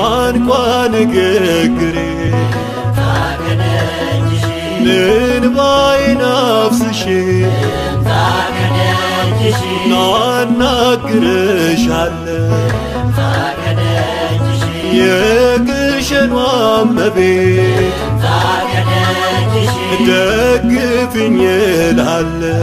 ቋንቋ ንግግሬ ንንባይ ናፍስሼ ናናግርሻለሁ የግሸኗ እመቤት ደግፍኝ እላለሁ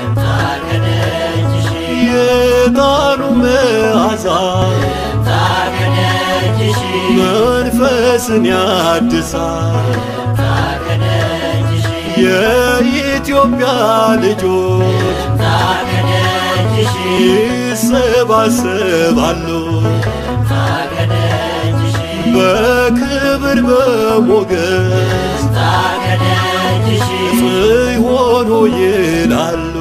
የዕጣኑ መዓዛ መንፈስን ያድሳል። የኢትዮጵያ ልጆች ይሰባሰባሉ በክብር በሞገስ ጽዮን ሆይ ይላሉ።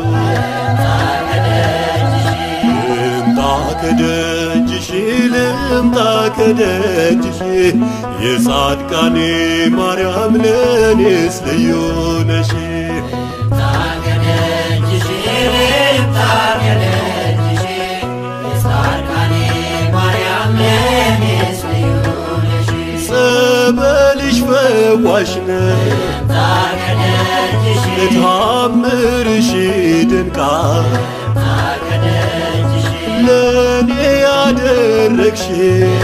ከደጅሽ ልምጣ ከደጅሽ የጻድቃኔ ማርያም ለኔስ ልዩ ነሽ ጸበልሽ ፈዋሽ ነሽ ታምርሽ ድንቃ ለኔ ያደረግሽው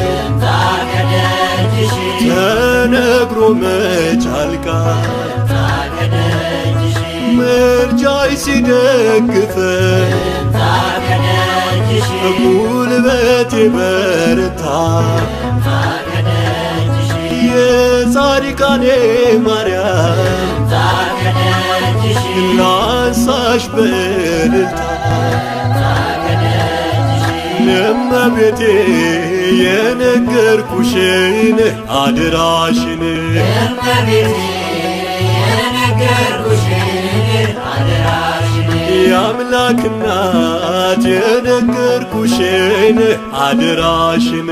ተነግሮ መች አልቃል ምርጫይ ሲደግፈን ጉልበቴ በርታ የጻድቃኔ ማርያም ላንሳሽ በእልልታ እመቤቴ የነገርኩሽን አድራሽን የአምላክ እናት የነገርኩሽን አድራሽን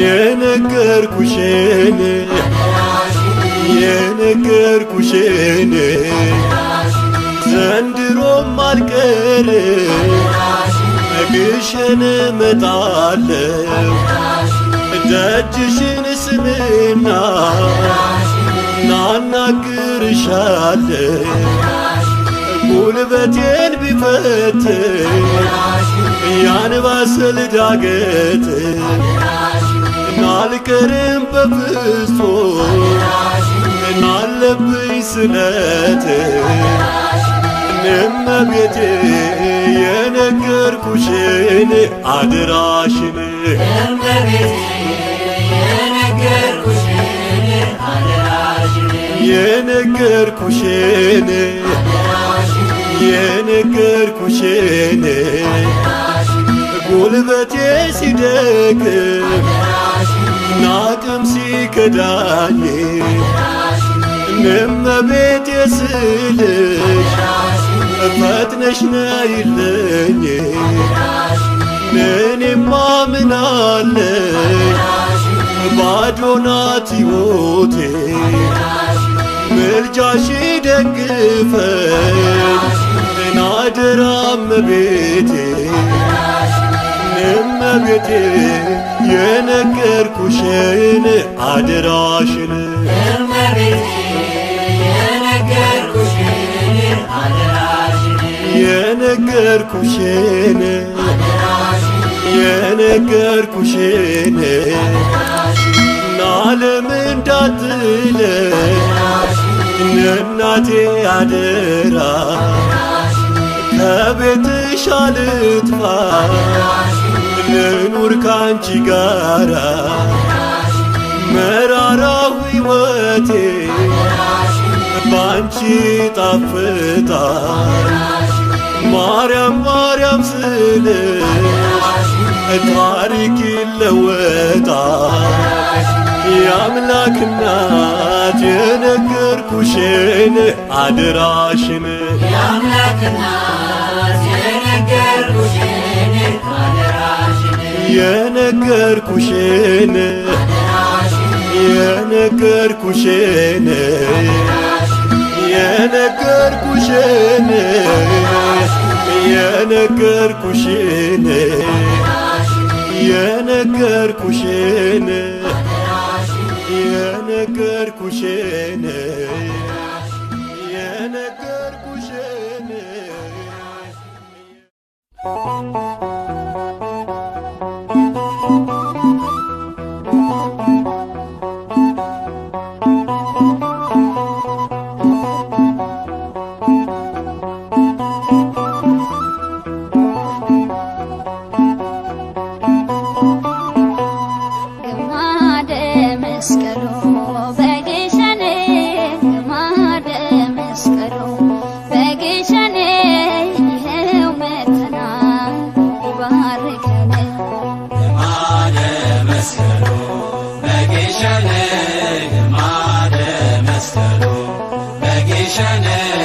የነገርኩሽን የነገርኩሽን ዘንድሮም አልቀርም ነግሸን እመጣለሁ ደጅሽን ስምና ናናግርሻለሁ ጉልበቴን ቢፈት ያንባስል ዳገት ናልቀርም በፍጹም ናለብኝ ስለት እመቤቴ የነገርኩሽን አድራሽን የነገርኩሽን የነገርኩሽን ጉልበቴ ሲደክም ናቅም ሲከዳኝ እመቤቴ ስልሽ ፈጥነሽ ነይልኝ ለእኔማ ምን አለኝ ባዶ ናት ሕይወቴ ምልጃሽ ደግፈኝ አደራ እመቤቴ እመቤቴ የነገርኩሽን አደራሽን እመቤቴ የነገርኩሽን የነገርኩሽን ናለም እንዳትለ እናቴ አደራ ከቤትሽ አልጥፋ ልኑር ካንቺ ጋራ መራራ ሕይወቴ ባንቺ ጣፍጣ ማርያም ማርያም ስል ታሪክ ይለወጣል። የአምላክ እናት የነገርኩሽን አደራሽን የነገርኩሽን የነገርኩሽን የነገርኩሽን የነገርኩሽን የነገርኩሽን የነገርኩሽን Chanel.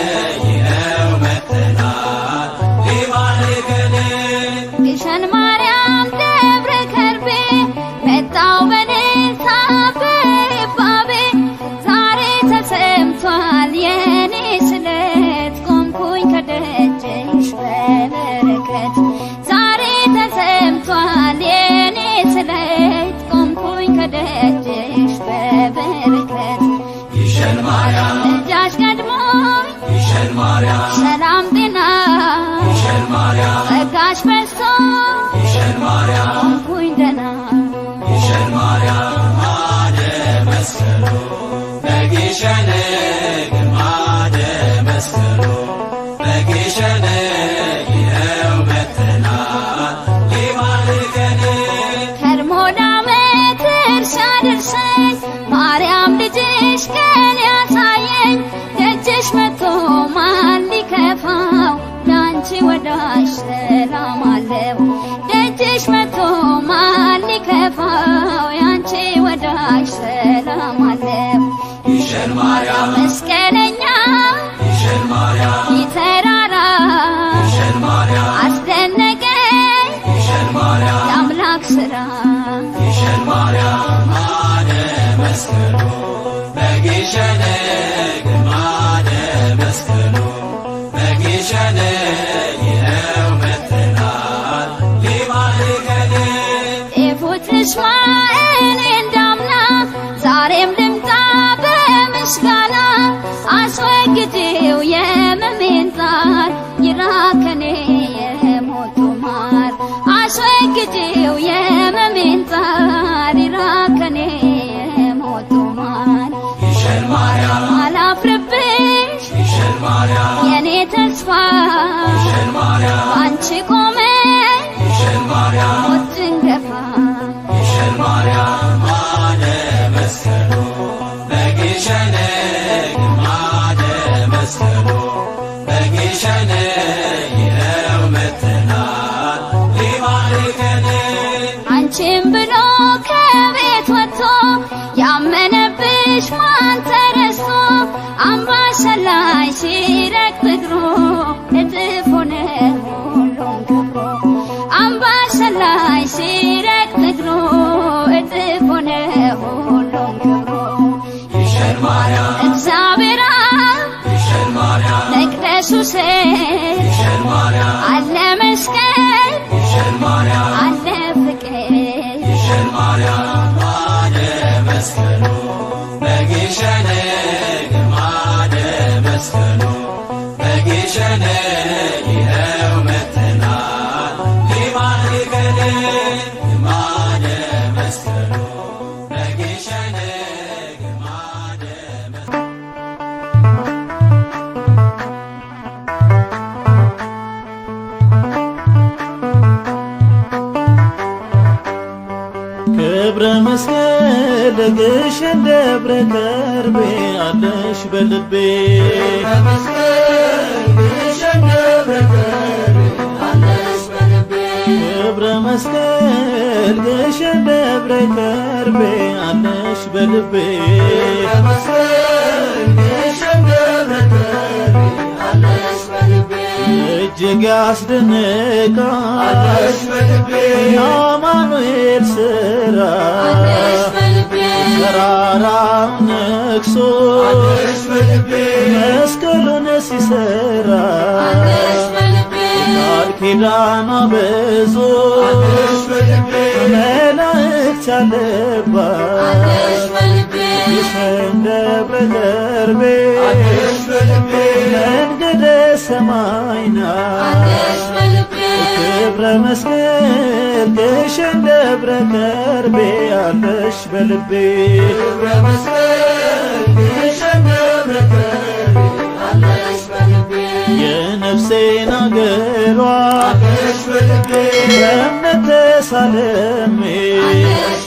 መስቀሉ በጊሸነ ግማደ አላፍርብሽ የኔ ተስፋ አንቺ ቆም እጅግ ያስደንቃል የአማኑኤል ስራ ተራራው ነቅሶ መስቀሉን ሲሰራ ቃል ኪዳኑ አብዞ መላእክት ያለባት ይሰንደብረ ደርቤ መንገ ሰማይ ናት ክብረ መስቀል ግሸን ደብረ ከርቤ አለሽ በልቤ የነፍሴን አገሯ በእምነት ተሳለሜ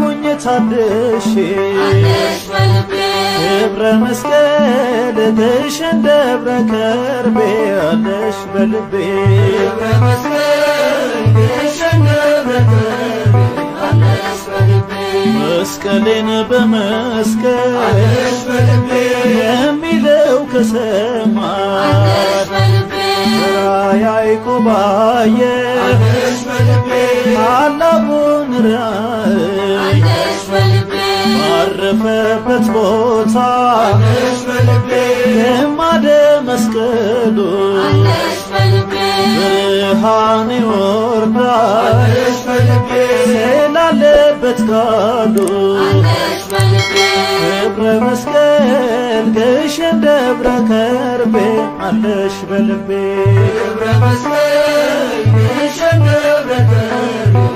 ሆኜ ታድሼ ደብረ መስቀል እህትሽን ደብረ ከርቤ አለሽ በልቤ መስቀሌን በመስቀል የሚለው ከሰማ ያዕቆብ አየ ታላቁን ራእይ በቆመበት ቦታ የማደ መስቀሉ ብርሃን ይወርዳል ስላለበት ቃሉ ክብረ መስቀል ግሸን ደብረ ከርቤ አለሽ በልቤ ክብረ መስቀል ግሸን ደብረ ከርቤ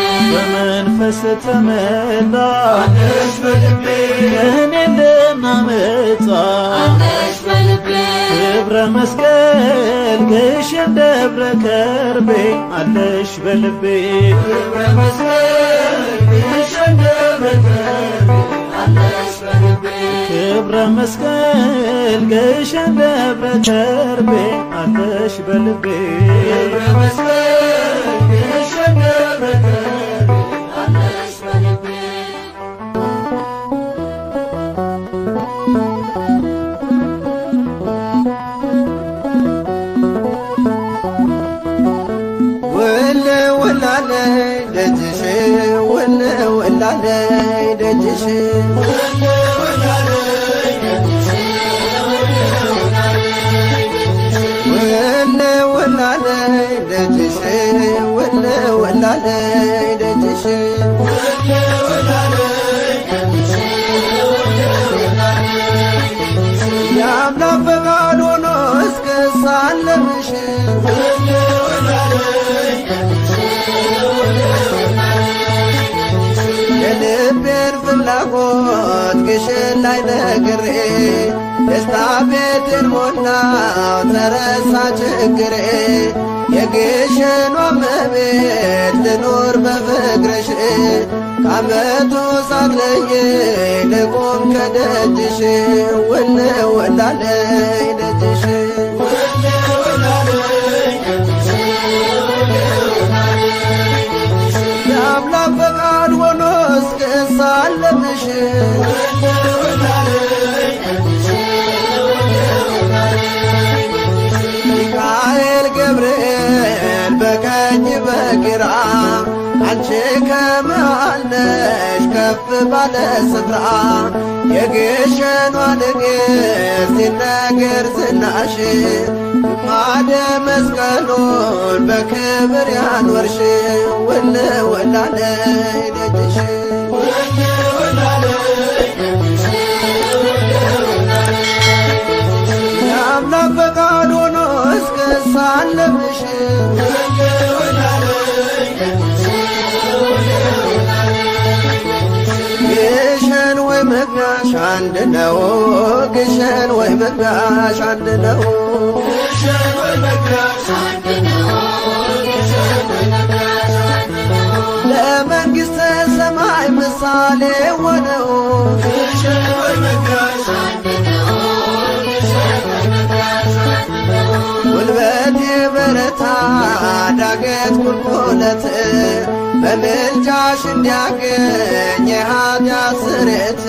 በመንፈስ ተመላ አንተሽ በልቤ እኔ እንደማመጣ አንተሽ በልቤ ክብረ መስቀል ደብረ ከርቤ አለሽ በልቤ ክብረ መስቀል ግሽን ደብረ ክብረ መስቀል ደብረ ከርቤ አለሽ በልቤ ክብረ መስቀል አምላኮት ግሽን ላይ ነግሬ ደስታ ቤትን ሞላው ተረሳ ችግሬ የግሽኗ እመቤት ልኖር በፍቅርሽ ካመቱ ሳትለይ ልቆም ከደጅሽ ውል ውላለይ ደጅሽ ሳለምሽ ሚካኤል ገብርኤል በቀኝ በግራ አንቺ ከመአልነሽ ከፍ ባለ ስፍራ የግሸኗ ንግሥት ሲነገር ዝናሽ ማደ መስቀሉን በክብር ያኖርሽ ውል ወላደ ደጅሽ የአምላክ ፈቃድ ግሸን ወይ መግቢያሽ አንድ ነው። ግሸን ወይ መግቢያሽ አንድ ነው። ሆነው ጉልበት ዳገት ቁልቁለት በምልጃሽ እንዲያገኝ የኃጢአት ስርየት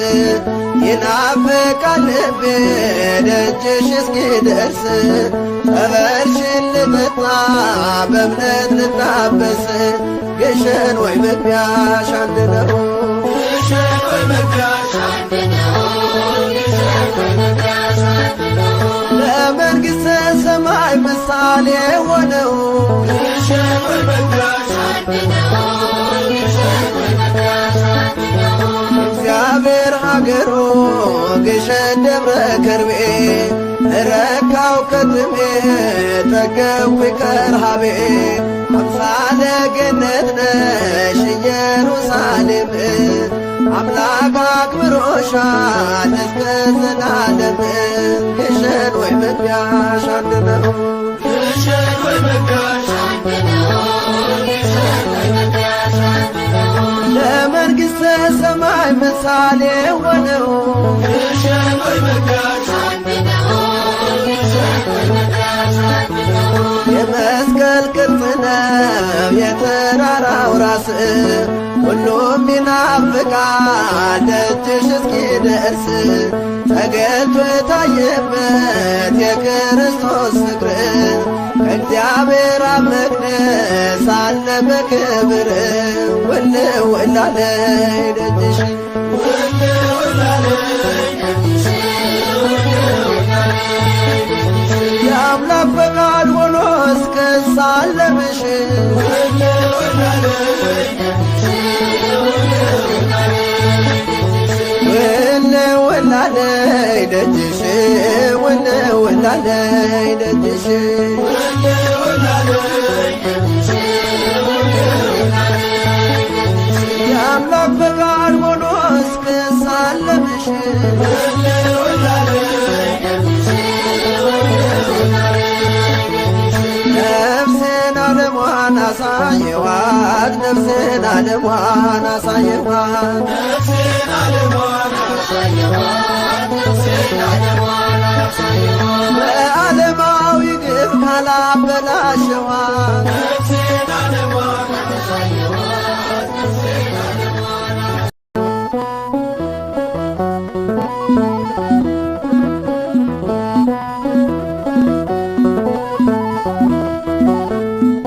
ይናፍቃል ልቤ ደጅሽ እስኪደርስ ጸበልሽን ልጠጣ በእምነት ልታበስ ግሸን ወይ መግቢያሽ አንድ ነው። ለመንግሥተ ሰማይ ምሳሌ ሆነው እግዚአብሔር ሀገሮ ግሸን ደብረ ከርቤ ረካው ቀድሜ ጠገብኩ ከርሃቤ አምሳለ ገነት ነሽ ኢየሩሳሌም አምላክ አክብሮሻል እስከ ዘላለም። ግሸን ወይ መግቢያሽ አንድ ነው። ለመንግሥተ ሰማይ ምሳሌ ሆነው የመስቀል ቅርጽ ነው የተራራው ራስ ሁሉም ይናፍቃል ደጅሽ እስኪደርስ ተገልጦ የታየበት የክርስቶስ ፍቅር ከእግዚአብሔር አብ መቅደስ አለ በክብር ውልው እላለይ ደጅሽ የአምላክ ፈቃድ ሆኖ እስከሳለምሽ ወናነይ ደጅሽ ወነ ወናነይ ደጅሽ የአምላክ በባህር ሆኖ እስክሳለምሽ ነፍስን አለሟን አሳየዋት ነፍስን አለሟን አሳየዋት በዓለማዊ ግን ካላበላሸዋል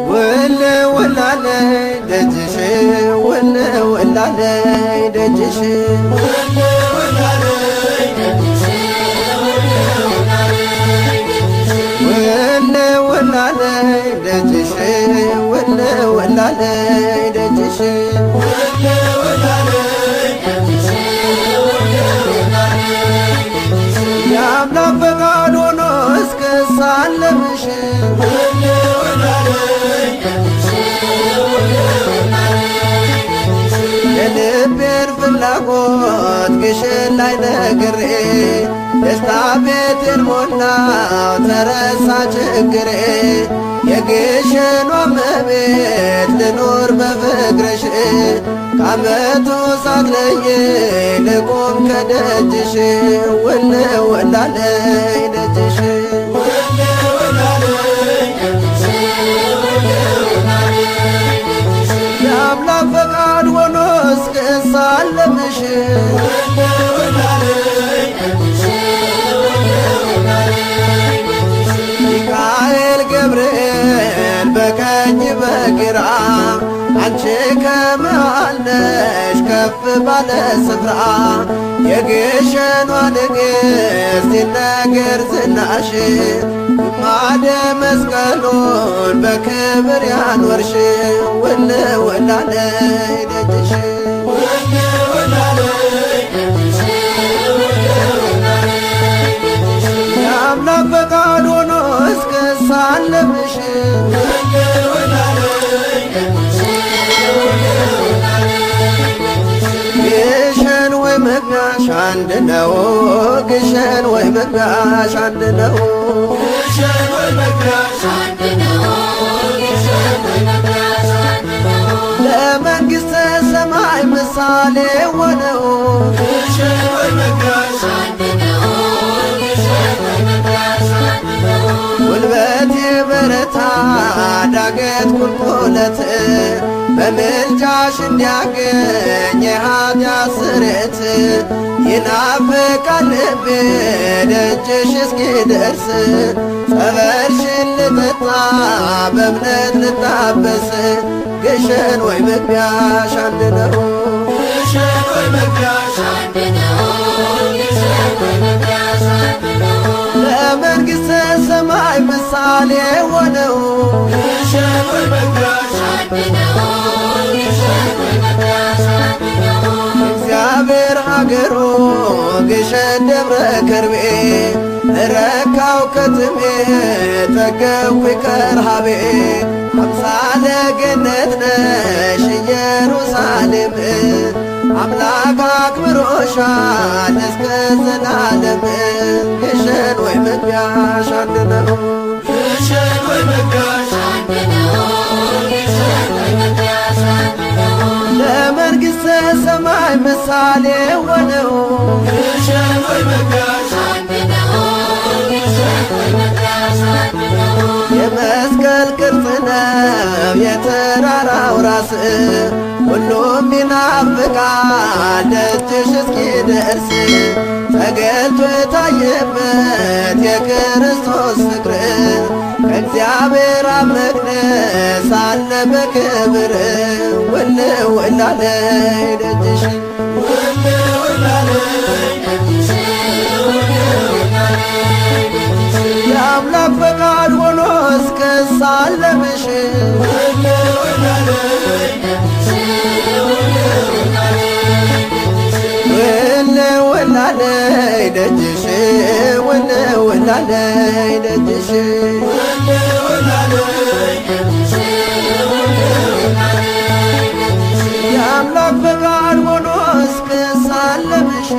ውል ውላለይ ደጅሽ ወዳለይ ደጅሽ የአምላክ ፈቃድ ሆኖ እስክሳለምሽ የልቤን ፍላጎት ግሽን ላይ ነግሬ ደስታ ቤትን ሞላ ተረሳ ችግሬ የግሽኗ እመቤት ልኖር በፍቅርሽ ከአመቱ ሳትለይ ልቆም ከደጅሽ ውል ውላለይ ደጅሽ የአምላክ ፈቃድ ሆኖ እስከ ከፍ ባለ ስፍራ የግሸኗ ንግሥት ይነገር ዝናሽ ማደ መስቀሉን በክብር ያኖርሽ ውል ውላለ ደጅሽ የአምላክ ፈቃድ ሆኖ እስከ ሳለምሽ አንድ ነው ግሸን ወይ መድራሽ አንድ ነው ለመንግሥተ ሰማይ ምሳሌ ሆነው ግሸን ጉልበት የበረታ ዳገት ቁልቁለት በምልጃሽ እንዲያገኝ የኃጢአት ስርየት ይናፍቃል ልቤ ደጅሽ እስኪደርስ ጸበልሽን ልጠጣ በእምነት ልታበስ ግሸን ወይ መግቢያሽ አንድ ነው። ግሸን ወይ መግቢያሽ አንድ ነው። የመንግሥተ ሰማይ ምሳሌ ሆነው እግዚአብሔር ሀገሮ ግሸን ደብረ ከርቤ ረካው ከትሜ ጠገኩ ከርሃቤ አምሳለ ገነት ነሽ ኢየሩሳሌም አምላክ አክብሮሻል እስከ ዘላለም ግሸን ወይ መግቢያሽ አንድ ነው። ለመንግሥተ ሰማይ ምሳሌ ሆነው ግሸን ወይ መግቢያሽ ቅርጽ ነው የተራራው ራስ ሁሉም ይናፍቃል ደጅሽ እስኪደርስ ተገልጦ የታየበት የክርስቶስ ፍቅር ከእግዚአብሔር አብ መቅደስ አለ በክብር ውልው ውላለ ደጅሽ የአምላክ በቃ አስከሳለምሽ ውልውላለይ ደጅሽ ውልውላለይ ደጅሽ የአምላክ ብርሃን ሆኖ አስከሳለምሽ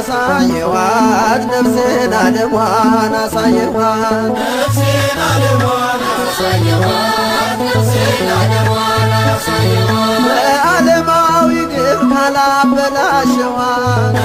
አሳየዋት ነፍስን አለሟን አሳየዋት ነፍስን አለሟን በዓለማዊ ግብ አለሟን